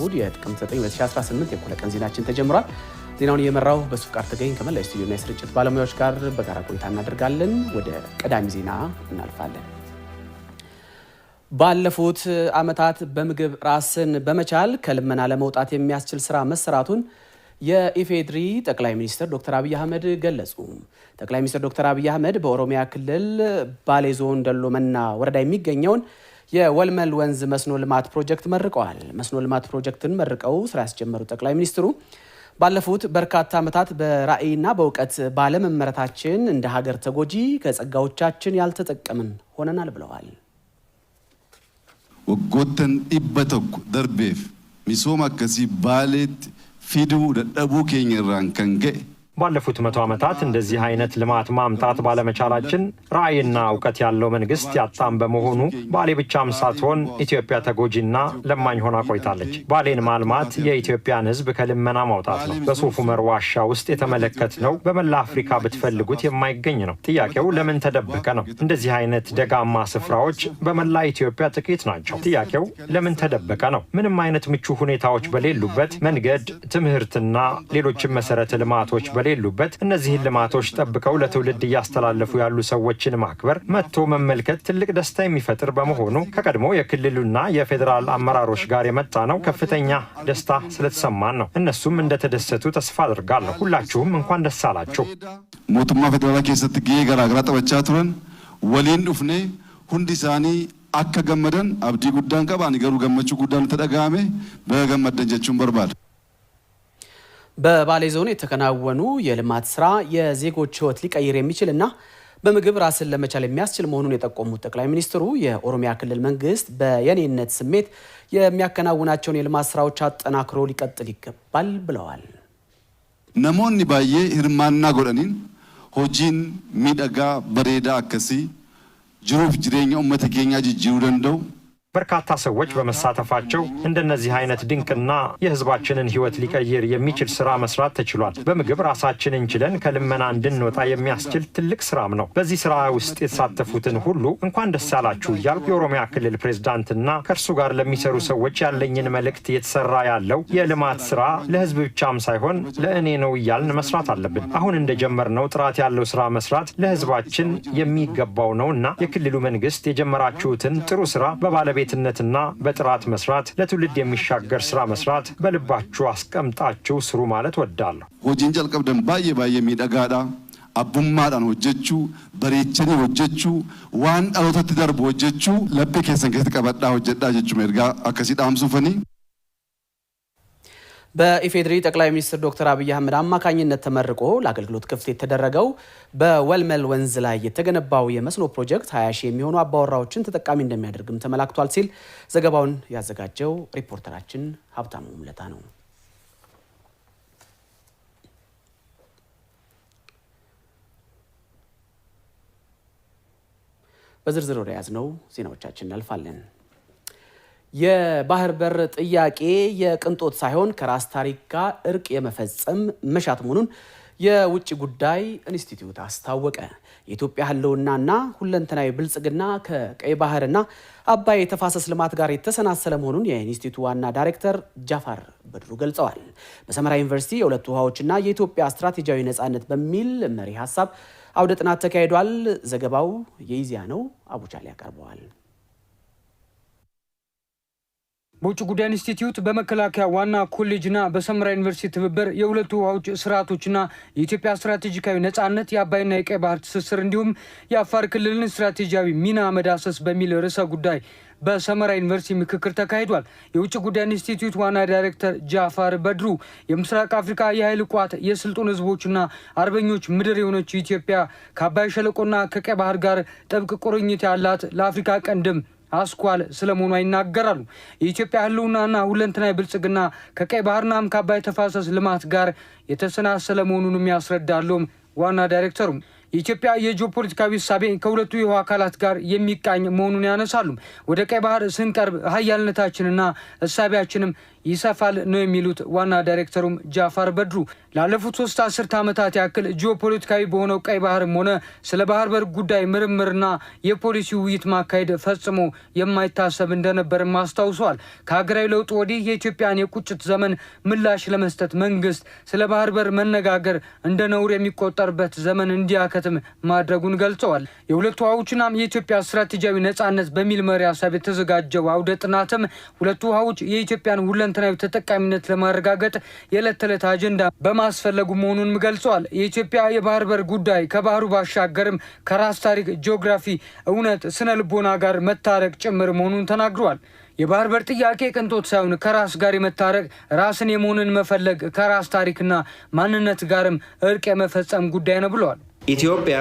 እሁድ የጥቅምት 9 2018 የእኩለ ቀን ዜናችን ተጀምሯል። ዜናውን እየመራው በሱፍቃር ተገኝ ከመላ ስቱዲዮና የስርጭት ባለሙያዎች ጋር በጋራ ቆይታ እናደርጋለን። ወደ ቀዳሚ ዜና እናልፋለን። ባለፉት ዓመታት በምግብ ራስን በመቻል ከልመና ለመውጣት የሚያስችል ስራ መሰራቱን የኢፌድሪ ጠቅላይ ሚኒስትር ዶክተር አብይ አህመድ ገለጹ። ጠቅላይ ሚኒስትር ዶክተር አብይ አህመድ በኦሮሚያ ክልል ባሌ ዞን ደሎመና ወረዳ የሚገኘውን የወልመል ወንዝ መስኖ ልማት ፕሮጀክት መርቀዋል። መስኖ ልማት ፕሮጀክትን መርቀው ስራ ያስጀመሩ ጠቅላይ ሚኒስትሩ ባለፉት በርካታ ዓመታት በራዕይና በእውቀት ባለመመረታችን እንደ ሀገር ተጎጂ ከጸጋዎቻችን ያልተጠቀምን ሆነናል ብለዋል። ወጎተን ኢበተኩ ደርቤፍ ሚሶም አከሲ ባሌት ፊድቡ ደደቡ ኬኝራን ከንገ ባለፉት መቶ ዓመታት እንደዚህ አይነት ልማት ማምጣት ባለመቻላችን ራዕይና እውቀት ያለው መንግስት ያጣም በመሆኑ ባሌ ብቻም ሳትሆን ኢትዮጵያ ተጎጂና ለማኝ ሆና ቆይታለች። ባሌን ማልማት የኢትዮጵያን ህዝብ ከልመና ማውጣት ነው። መር ዋሻ ውስጥ የተመለከትነው በመላ አፍሪካ ብትፈልጉት የማይገኝ ነው። ጥያቄው ለምን ተደበቀ ነው። እንደዚህ አይነት ደጋማ ስፍራዎች በመላ ኢትዮጵያ ጥቂት ናቸው። ጥያቄው ለምን ተደበቀ ነው። ምንም አይነት ምቹ ሁኔታዎች በሌሉበት መንገድ፣ ትምህርትና ሌሎችም መሰረተ ልማቶች በሌ በሌሉበት እነዚህን ልማቶች ጠብቀው ለትውልድ እያስተላለፉ ያሉ ሰዎችን ማክበር መጥቶ መመልከት ትልቅ ደስታ የሚፈጥር በመሆኑ ከቀድሞ የክልሉና የፌዴራል አመራሮች ጋር የመጣ ነው። ከፍተኛ ደስታ ስለተሰማን ነው። እነሱም እንደተደሰቱ ተስፋ አድርጋለሁ። ሁላችሁም እንኳን ደስ አላችሁ። ሞቱማ ፌዴራላ ኬሰት ጌ ገራግራ ጠበቻ ቱረን ወሌን ዱፍኔ ሁንዲ ሳኒ አከ ገመደን አብዲ ጉዳን ቀባን ገሩ ገመቹ ጉዳን ተደጋሜ በገመደን ጀችን በርባል በባሌ ዞን የተከናወኑ የልማት ስራ የዜጎች ህይወት ሊቀይር የሚችል እና በምግብ ራስን ለመቻል የሚያስችል መሆኑን የጠቆሙት ጠቅላይ ሚኒስትሩ የኦሮሚያ ክልል መንግስት በየኔነት ስሜት የሚያከናውናቸውን የልማት ስራዎች አጠናክሮ ሊቀጥል ይገባል ብለዋል። ነሞኒ ባዬ ህርማና ጎደኒን ሆጂን ሚደጋ በሬዳ አከሲ ጅሩፍ ጅሬኛው መተገኛ ጅጅሩ ደንደው በርካታ ሰዎች በመሳተፋቸው እንደነዚህ አይነት ድንቅና የህዝባችንን ህይወት ሊቀይር የሚችል ስራ መስራት ተችሏል። በምግብ ራሳችንን ችለን ከልመና እንድንወጣ የሚያስችል ትልቅ ስራም ነው። በዚህ ስራ ውስጥ የተሳተፉትን ሁሉ እንኳን ደስ አላችሁ እያልኩ የኦሮሚያ ክልል ፕሬዝዳንትና ከእርሱ ጋር ለሚሰሩ ሰዎች ያለኝን መልእክት እየተሰራ ያለው የልማት ስራ ለህዝብ ብቻም ሳይሆን ለእኔ ነው እያልን መስራት አለብን። አሁን እንደጀመርነው ጥራት ያለው ስራ መስራት ለህዝባችን የሚገባው ነው እና የክልሉ መንግስት የጀመራችሁትን ጥሩ ስራ በባለቤት ባለቤትነትና በጥራት መስራት፣ ለትውልድ የሚሻገር ስራ መስራት በልባችሁ አስቀምጣችሁ ስሩ ማለት ወዳለሁ። ሆጂን ጨልቀብደን ባየ ባየ ሚደጋዳ አቡማዳን ሆጀቹ በሬቸን ሆጀቹ ዋን ጠሎተት ደርብ ሆጀቹ ለቤ ኬሰን ቀበጣ ሆጀዳ ጀቹ ሜርጋ አከሲዳምሱፈኒ በኢፌዴሪ ጠቅላይ ሚኒስትር ዶክተር አብይ አህመድ አማካኝነት ተመርቆ ለአገልግሎት ክፍት የተደረገው በወልመል ወንዝ ላይ የተገነባው የመስኖ ፕሮጀክት 20 ሺህ የሚሆኑ አባወራዎችን ተጠቃሚ እንደሚያደርግም ተመላክቷል ሲል ዘገባውን ያዘጋጀው ሪፖርተራችን ሀብታሙ ሙለታ ነው። በዝርዝር ወደ ያዝነው ዜናዎቻችን እናልፋለን። የባህር በር ጥያቄ የቅንጦት ሳይሆን ከራስ ታሪክ ጋር እርቅ የመፈጸም መሻት መሆኑን የውጭ ጉዳይ ኢንስቲትዩት አስታወቀ። የኢትዮጵያ ሕልውናና ሁለንተናዊ ብልጽግና ከቀይ ባህርና አባይ የተፋሰስ ልማት ጋር የተሰናሰለ መሆኑን የኢንስቲትዩቱ ዋና ዳይሬክተር ጃፋር በድሩ ገልጸዋል። በሰመራ ዩኒቨርሲቲ የሁለቱ ውሃዎችና የኢትዮጵያ ስትራቴጂያዊ ነጻነት በሚል መሪ ሀሳብ አውደ ጥናት ተካሂዷል። ዘገባው የኢዜአ ነው። አቡቻሌ ያቀርበዋል። በውጭ ጉዳይ ኢንስቲትዩት በመከላከያ ዋና ኮሌጅና በሰመራ ዩኒቨርሲቲ ትብብር የሁለቱ ውሃዎች ስርዓቶችና የኢትዮጵያ ስትራቴጂካዊ ነጻነት የአባይና የቀይ ባህር ትስስር እንዲሁም የአፋር ክልልን ስትራቴጂያዊ ሚና መዳሰስ በሚል ርዕሰ ጉዳይ በሰመራ ዩኒቨርሲቲ ምክክር ተካሂዷል። የውጭ ጉዳይ ኢንስቲትዩት ዋና ዳይሬክተር ጃፋር በድሩ የምስራቅ አፍሪካ የኃይል ቋት የስልጡን ህዝቦችና አርበኞች ምድር የሆነች ኢትዮጵያ ከአባይ ሸለቆና ከቀይ ባህር ጋር ጥብቅ ቁርኝት ያላት ለአፍሪካ ቀንድም አስኳል ስለመሆኗ ይናገራሉ። የኢትዮጵያ ህልውናና ሁለንተናዊ ብልጽግና ከቀይ ባህርናም ከአባይ ተፋሰስ ልማት ጋር የተሰናሰለ መሆኑንም ያስረዳሉም ዋና ዳይሬክተሩም። የኢትዮጵያ የጂኦፖለቲካዊ እሳቤ ከሁለቱ የውሃ አካላት ጋር የሚቃኝ መሆኑን ያነሳሉ። ወደ ቀይ ባህር ስንቀርብ ሀያልነታችንና እሳቢያችንም ይሰፋል ነው የሚሉት ዋና ዳይሬክተሩም ጃፋር በድሩ ላለፉት ሶስት አስርት ዓመታት ያክል ጂኦፖለቲካዊ በሆነው ቀይ ባህርም ሆነ ስለ ባህር በር ጉዳይ ምርምርና የፖሊሲ ውይይት ማካሄድ ፈጽሞ የማይታሰብ እንደነበርም አስታውሰዋል። ከሀገራዊ ለውጥ ወዲህ የኢትዮጵያን የቁጭት ዘመን ምላሽ ለመስጠት መንግስት ስለ ባህር በር መነጋገር እንደ ነውር የሚቆጠርበት ዘመን እንዲያከትም ማድረጉን ገልጸዋል። የሁለቱ ውሃዎችናም የኢትዮጵያ ስትራቴጂያዊ ነጻነት በሚል መሪ ሀሳብ የተዘጋጀው አውደ ጥናትም ሁለቱ ውሃዎች የኢትዮጵያን ሁለ ሁለንተናዊ ተጠቃሚነት ለማረጋገጥ የዕለት ተዕለት አጀንዳ በማስፈለጉ መሆኑንም ገልጿል። የኢትዮጵያ የባህር በር ጉዳይ ከባህሩ ባሻገርም ከራስ ታሪክ፣ ጂኦግራፊ፣ እውነት፣ ስነ ልቦና ጋር መታረቅ ጭምር መሆኑን ተናግሯል። የባህር በር ጥያቄ ቅንጦት ሳይሆን ከራስ ጋር የመታረቅ ራስን የመሆንን መፈለግ ከራስ ታሪክና ማንነት ጋርም እርቅ የመፈጸም ጉዳይ ነው ብለዋል። ኢትዮጵያ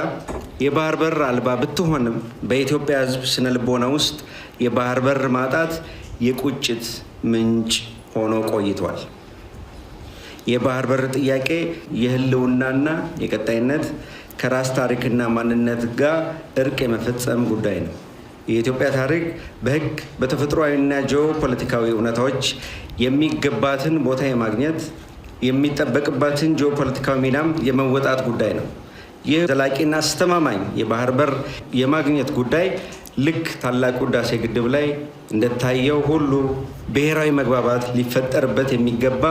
የባህር በር አልባ ብትሆንም በኢትዮጵያ ሕዝብ ስነ ልቦና ውስጥ የባህር በር ማጣት የቁጭት ምንጭ ሆኖ ቆይቷል። የባህር በር ጥያቄ የህልውናና የቀጣይነት ከራስ ታሪክና ማንነት ጋር እርቅ የመፈጸም ጉዳይ ነው። የኢትዮጵያ ታሪክ በህግ በተፈጥሯዊና ጂኦ ፖለቲካዊ እውነታዎች የሚገባትን ቦታ የማግኘት የሚጠበቅባትን ጂኦ ፖለቲካዊ ሚናም የመወጣት ጉዳይ ነው። ይህ ዘላቂና አስተማማኝ የባህር በር የማግኘት ጉዳይ ልክ ታላቁ ህዳሴ ግድብ ላይ እንደታየው ሁሉ ብሔራዊ መግባባት ሊፈጠርበት የሚገባ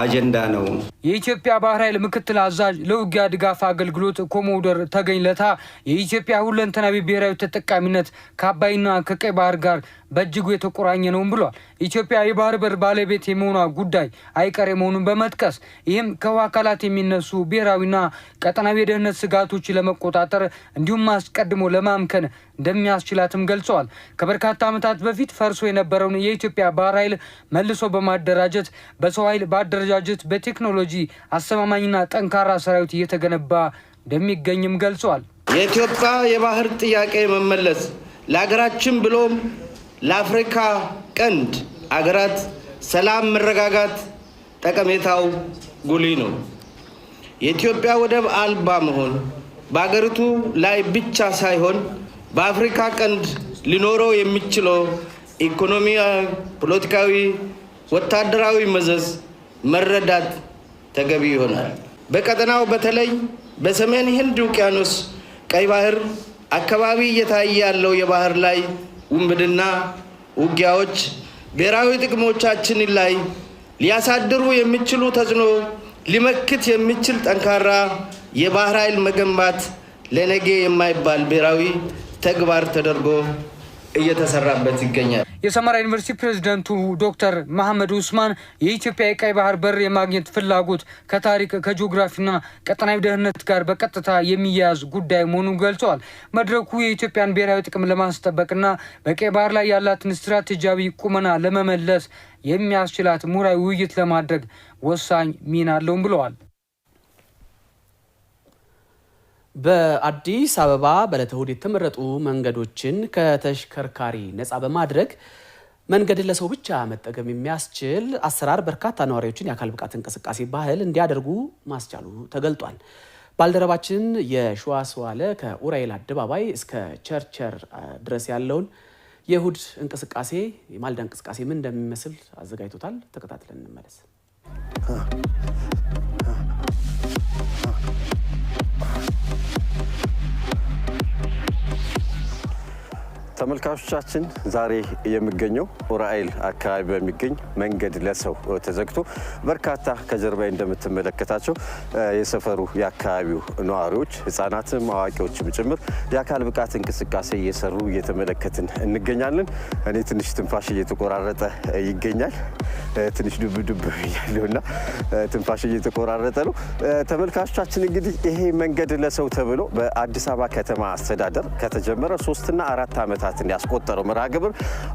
አጀንዳ ነው። የኢትዮጵያ ባህር ኃይል ምክትል አዛዥ ለውጊያ ድጋፍ አገልግሎት ኮሞደር ተገኝለታ የኢትዮጵያ ሁለንተናዊ ብሔራዊ ተጠቃሚነት ከአባይና ከቀይ ባህር ጋር በእጅጉ የተቆራኘ ነውም ብሏል። ኢትዮጵያ የባህር በር ባለቤት የመሆኗ ጉዳይ አይቀሬ መሆኑን በመጥቀስ ይህም ከውሃ አካላት የሚነሱ ብሔራዊና ቀጠናዊ የደህንነት ስጋቶች ለመቆጣጠር እንዲሁም አስቀድሞ ለማምከን እንደሚያስችላትም ገልጸዋል። ከበርካታ ዓመታት በፊት ፈርሶ የነበረውን የኢትዮጵያ ባህር ኃይል መልሶ በማደራጀት በሰው ኃይል ባደረጃ አደረጃጀት በቴክኖሎጂ አስተማማኝና ጠንካራ ሰራዊት እየተገነባ እንደሚገኝም ገልጿል። የኢትዮጵያ የባህር ጥያቄ መመለስ ለሀገራችን ብሎም ለአፍሪካ ቀንድ አገራት ሰላም፣ መረጋጋት ጠቀሜታው ጉሊ ነው። የኢትዮጵያ ወደብ አልባ መሆን በአገሪቱ ላይ ብቻ ሳይሆን በአፍሪካ ቀንድ ሊኖረው የሚችለው ኢኮኖሚያዊ፣ ፖለቲካዊ፣ ወታደራዊ መዘዝ መረዳት ተገቢ ይሆናል። በቀጠናው በተለይ በሰሜን ህንድ ውቅያኖስ ቀይ ባህር አካባቢ እየታየ ያለው የባህር ላይ ውንብድና ውጊያዎች ብሔራዊ ጥቅሞቻችን ላይ ሊያሳድሩ የሚችሉ ተጽዕኖ ሊመክት የሚችል ጠንካራ የባህር ኃይል መገንባት ለነገ የማይባል ብሔራዊ ተግባር ተደርጎ እየተሰራበት ይገኛል። የሰመራ ዩኒቨርሲቲ ፕሬዝደንቱ ዶክተር መሐመድ ኡስማን የኢትዮጵያ የቀይ ባህር በር የማግኘት ፍላጎት ከታሪክ ከጂኦግራፊና ቀጠናዊ ደህንነት ጋር በቀጥታ የሚያያዝ ጉዳይ መሆኑን ገልጸዋል። መድረኩ የኢትዮጵያን ብሔራዊ ጥቅም ለማስጠበቅና በቀይ ባህር ላይ ያላትን ስትራቴጂያዊ ቁመና ለመመለስ የሚያስችላት ምሁራዊ ውይይት ለማድረግ ወሳኝ ሚና አለውም ብለዋል። በአዲስ አበባ በዕለተ እሁድ የተመረጡ መንገዶችን ከተሽከርካሪ ነፃ በማድረግ መንገድን ለሰው ብቻ መጠቀም የሚያስችል አሰራር በርካታ ነዋሪዎችን የአካል ብቃት እንቅስቃሴ ባህል እንዲያደርጉ ማስቻሉ ተገልጧል። ባልደረባችን የሸዋስ ዋለ ከኡራኤል አደባባይ እስከ ቸርቸር ድረስ ያለውን የእሁድ እንቅስቃሴ የማልዳ እንቅስቃሴ ምን እንደሚመስል አዘጋጅቶታል። ተከታትለን እንመለስ። ተመልካቾቻችን ዛሬ የሚገኘው ኡራኤል አካባቢ በሚገኝ መንገድ ለሰው ተዘግቶ በርካታ ከጀርባ እንደምትመለከታቸው የሰፈሩ የአካባቢው ነዋሪዎች ሕጻናትም አዋቂዎችም ጭምር የአካል ብቃት እንቅስቃሴ እየሰሩ እየተመለከትን እንገኛለን። እኔ ትንሽ ትንፋሽ እየተቆራረጠ ይገኛል። ትንሽ ዱብ ዱብ ያለው ትንፋሽ እየተቆራረጠ ነው። ተመልካቾቻችን እንግዲህ ይሄ መንገድ ለሰው ተብሎ በአዲስ አበባ ከተማ አስተዳደር ከተጀመረ ሶስትና አራት ዓመታት ዓመታትን ያስቆጠረው መርሃ ግብር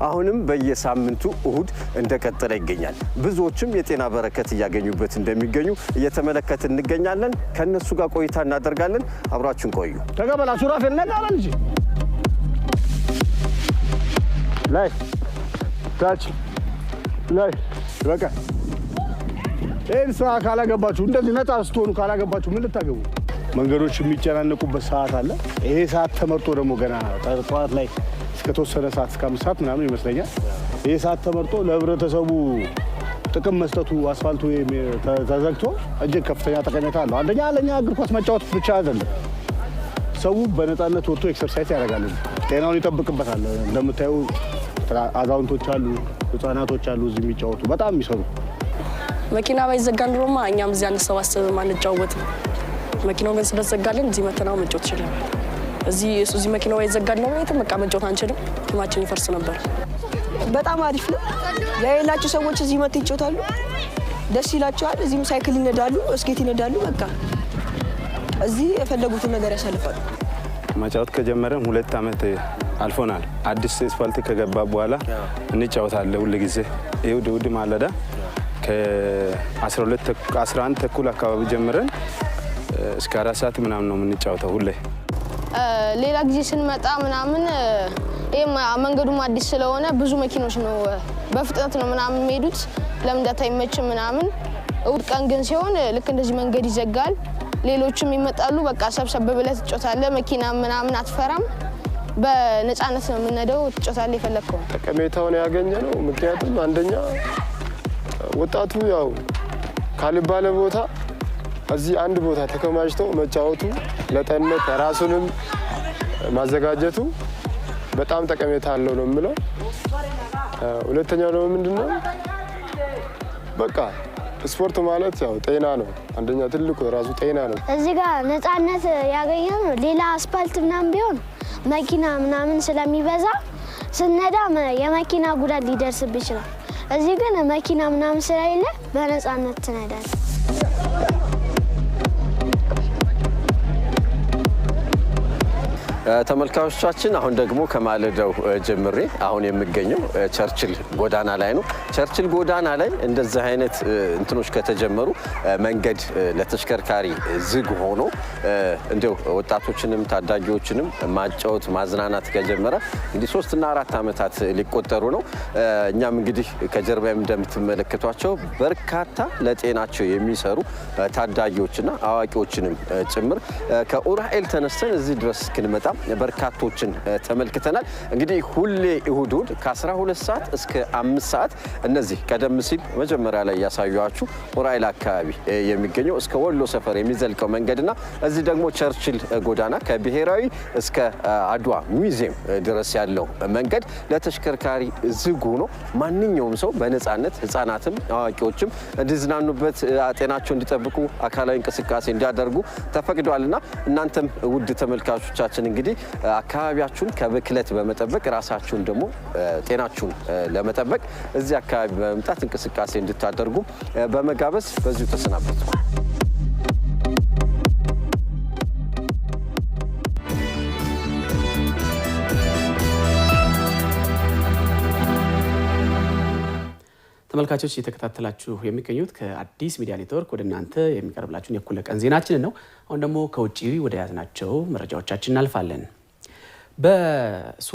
አሁንም በየሳምንቱ እሁድ እንደቀጠለ ይገኛል። ብዙዎችም የጤና በረከት እያገኙበት እንደሚገኙ እየተመለከት እንገኛለን። ከእነሱ ጋር ቆይታ እናደርጋለን። አብራችን ቆዩ። ተቀበላ ሱራፌ ነጋራ ልጅ ላይ ታች ላይ በቃ ይህን ስራ ካላገባችሁ እንደዚህ ነጻ ስትሆኑ ካላገባችሁ ምን ልታገቡ? መንገዶች የሚጨናነቁበት ሰዓት አለ። ይሄ ሰዓት ተመርጦ ደግሞ ገና ጠዋት ላይ ከተወሰነ ሰዓት እስከ አምስት ሰዓት ምናምን ይመስለኛል። ይህ ሰዓት ተመርጦ ለህብረተሰቡ ጥቅም መስጠቱ አስፋልቱ ተዘግቶ እጅግ ከፍተኛ ጠቀሜታ አለው። አንደኛ ለኛ እግር ኳስ መጫወት ብቻ አይደለም፣ ሰው በነፃነት ወጥቶ ኤክሰርሳይዝ ያደርጋል፣ ጤናውን ይጠብቅበታል። እንደምታዩ አዛውንቶች አሉ፣ ህፃናቶች አሉ፣ እዚህ የሚጫወቱ በጣም የሚሰሩ መኪና ባይዘጋ ኑሮማ እኛም እዚህ አንሰባሰብም፣ አንጫወትም። መኪናው ግን ስለተዘጋልን እዚህ መተናው መጫወት ይችላል። እዚህ እዚህ መኪና ወይ ዘጋድ ነው ቤት መቀመጫውን አንችልም፣ ቲማችን ይፈርስ ነበር። በጣም አሪፍ ነው። የሌላቸው ሰዎች እዚህ መጥተው ይጫወታሉ፣ ደስ ይላቸዋል። እዚህም ሳይክል ይነዳሉ፣ እስኬት ይነዳሉ። በቃ እዚህ የፈለጉትን ነገር ያሳልፋሉ። መጫወት ከጀመረም ሁለት ዓመት አልፎናል። አዲስ አስፋልት ከገባ በኋላ እንጫወታለን ሁል ጊዜ እሑድ እሑድ ማለዳ ከ11 ተኩል አካባቢ ጀምረን እስከ አራት ሰዓት ምናምን ነው የምንጫወተው ሁሌ። ሌላ ጊዜ ስንመጣ ምናምን ይህ መንገዱም አዲስ ስለሆነ ብዙ መኪኖች ነው በፍጥነት ነው ምናምን የሚሄዱት ለምዳት አይመችም ምናምን። እሑድ ቀን ግን ሲሆን ልክ እንደዚህ መንገድ ይዘጋል፣ ሌሎችም ይመጣሉ። በቃ ሰብሰብ ብለህ ትጮታለህ፣ መኪና ምናምን አትፈራም። በነፃነት ነው የምንሄደው፣ ትጮታለህ የፈለግከው። ጠቀሜታውን ያገኘ ነው። ምክንያቱም አንደኛ ወጣቱ ያው ካልባለ ቦታ እዚህ አንድ ቦታ ተከማችቶ መጫወቱ ለጤንነት ራሱንም ማዘጋጀቱ በጣም ጠቀሜታ አለው ነው የምለው። ሁለተኛው ደግሞ ምንድነው በቃ ስፖርት ማለት ያው ጤና ነው። አንደኛ ትልቁ ራሱ ጤና ነው። እዚህ ጋር ነፃነት ያገኘ ነው። ሌላ አስፓልት ምናምን ቢሆን መኪና ምናምን ስለሚበዛ ስነዳ የመኪና ጉዳት ሊደርስብ ይችላል። እዚህ ግን መኪና ምናምን ስለሌለ በነፃነት ትነዳል። ተመልካዮቻችን አሁን ደግሞ ከማለዳው ጀምሬ አሁን የምገኘው ቸርችል ጎዳና ላይ ነው። ቸርችል ጎዳና ላይ እንደዚህ አይነት እንትኖች ከተጀመሩ መንገድ ለተሽከርካሪ ዝግ ሆኖ እንዲያው ወጣቶችንም ታዳጊዎችንም ማጫወት ማዝናናት ከጀመረ እንግዲህ ሶስትና አራት ዓመታት ሊቆጠሩ ነው። እኛም እንግዲህ ከጀርባ እንደምትመለከቷቸው በርካታ ለጤናቸው የሚሰሩ ታዳጊዎችና አዋቂዎችንም ጭምር ከኡራኤል ተነስተን እዚህ ድረስ እስክንመጣ በርካቶችን ተመልክተናል። እንግዲህ ሁሌ እሁድ እሁድ ከ12 ሰዓት እስከ አምስት ሰዓት እነዚህ ቀደም ሲል መጀመሪያ ላይ ያሳዩችሁ ዑራኤል አካባቢ የሚገኘው እስከ ወሎ ሰፈር የሚዘልቀው መንገድና እዚህ ደግሞ ቸርችል ጎዳና ከብሔራዊ እስከ አድዋ ሙዚየም ድረስ ያለው መንገድ ለተሽከርካሪ ዝግ ሆኖ ማንኛውም ሰው በነፃነት ህጻናትም አዋቂዎችም እንዲዝናኑበት፣ ጤናቸው እንዲጠብቁ፣ አካላዊ እንቅስቃሴ እንዲያደርጉ ተፈቅደዋልና እናንተም ውድ ተመልካቾቻችን እንግዲህ እንግዲህ አካባቢያችሁን ከብክለት በመጠበቅ ራሳችሁን ደግሞ ጤናችሁን ለመጠበቅ እዚህ አካባቢ በመምጣት እንቅስቃሴ እንድታደርጉ በመጋበዝ በዚሁ ተሰናበቱ። ተመልካቾች እየተከታተላችሁ የሚገኙት ከአዲስ ሚዲያ ኔትወርክ ወደ እናንተ የሚቀርብላችሁን የእኩለ ቀን ዜናችንን ነው። አሁን ደግሞ ከውጭ ወደ ያዝናቸው መረጃዎቻችን እናልፋለን።